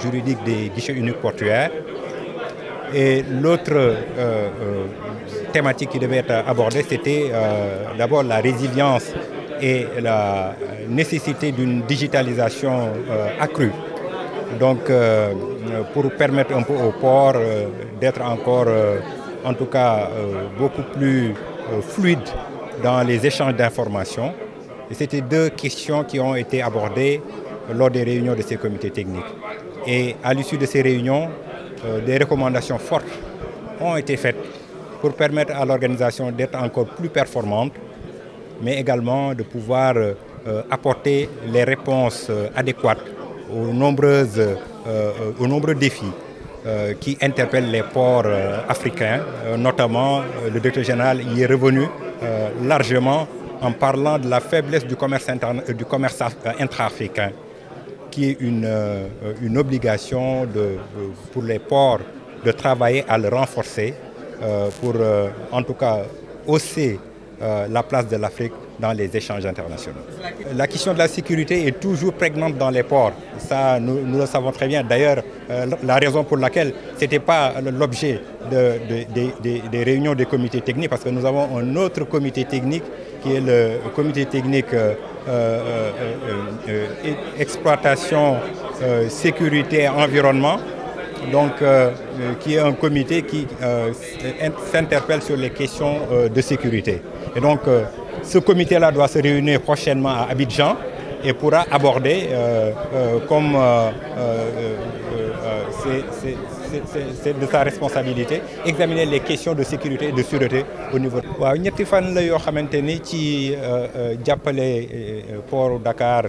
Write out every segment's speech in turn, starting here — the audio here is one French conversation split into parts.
juridique des guichets uniques portuaires. Et l'autre euh, euh, thématique qui devait être abordée, c'était euh, d'abord la résilience et la nécessité d'une digitalisation accrue. Donc, pour permettre un peu au port d'être encore, en tout cas, beaucoup plus fluide dans les échanges d'informations. Et c'était deux questions qui ont été abordées lors des réunions de ces comités techniques. Et à l'issue de ces réunions, euh, des recommandations fortes ont été faites pour permettre à l'organisation d'être encore plus performante, mais également de pouvoir euh, apporter les réponses euh, adéquates aux, nombreuses, nombreux défis qui interpellent les ports africains. notamment, le directeur général y est revenu largement en parlant de la faiblesse du commerce intra-africain qui est une, euh, une obligation de, pour les ports de travailler à le renforcer euh, pour euh, en tout cas hausser la place de l'Afrique dans les échanges internationaux. La question de la sécurité est toujours prégnante dans les ports. Ça, nous, le savons très bien. D'ailleurs, la raison pour laquelle ce n'était pas l'objet des réunions des comités techniques, parce que nous avons un autre comité technique qui est le comité technique euh, exploitation, euh, sécurité et environnement, donc, euh, qui est un comité qui s'interpelle sur les questions de sécurité. Et donc, ce comité-là doit se réunir prochainement à Abidjan et pourra aborder, comme c'est de sa responsabilité, examiner les questions de sécurité et de sûreté au niveau. de ñetti fan la yoo xamante ni ci euh, euh, jàppale euh, port Dakar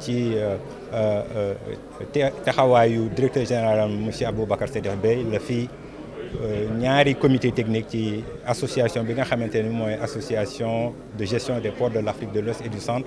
ci directeur général monsieur Aboubacar Bakar Bèye la fii ñaari comité technique qui association association de gestion des ports de l'Afrique de l'Ouest et du Centre.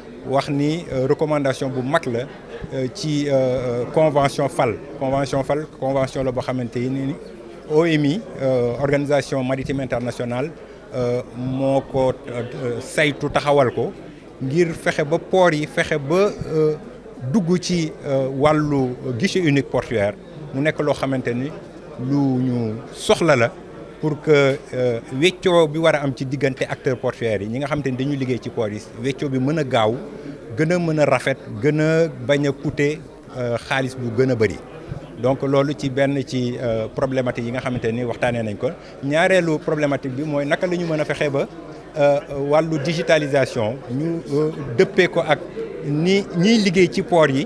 wax ni euh, recommandation bu mag la euh, ci euh, convention FAL convention FAL convention la Convention xamanteni ni OMI organisation maritime internationale moko saytu taxawal ko ngir fexé ba port yi fexé ba dugg ci walu guichet unique portuaire mu nek lo xamanteni lu ñu soxla la pour que euh, weccoo bi wara am ci diggante acteur portuaire yi ñi nga xam ni dañuy liggéey ci port yi weccoo bi mëna a gaaw gën a mën a rafet gën a bañ a euh, bu gëna a bëri donc lolu ci benn ci euh, problématique yi nga xamante ni waxtaanee nañ ko ñaareelu problématique bi moy naka la ñu mën a fexe ba walu digitalisation ñu dëppee ko ak ni ñi liggéey ci port yi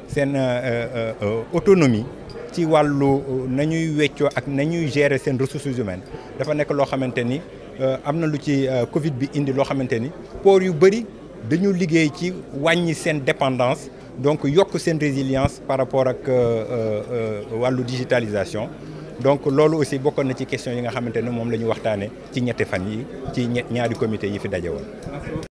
sen euh, euh, euh, autonomie ci walu nañuy ñuy ak nañuy gérer sen ressources humaines dafa nek lo xamanteni amna lu ci Covid bi indi lo xamanteni ni port yu bëri dañu liggéey ci wañi sen dépendance donc yok sen résilience par rapport ak walu digitalisation donc lolu aussi bokon na ci question yi nga xamanteni mom lañu la ci ñetti fan yi ci ñaari comité yi fi dajé won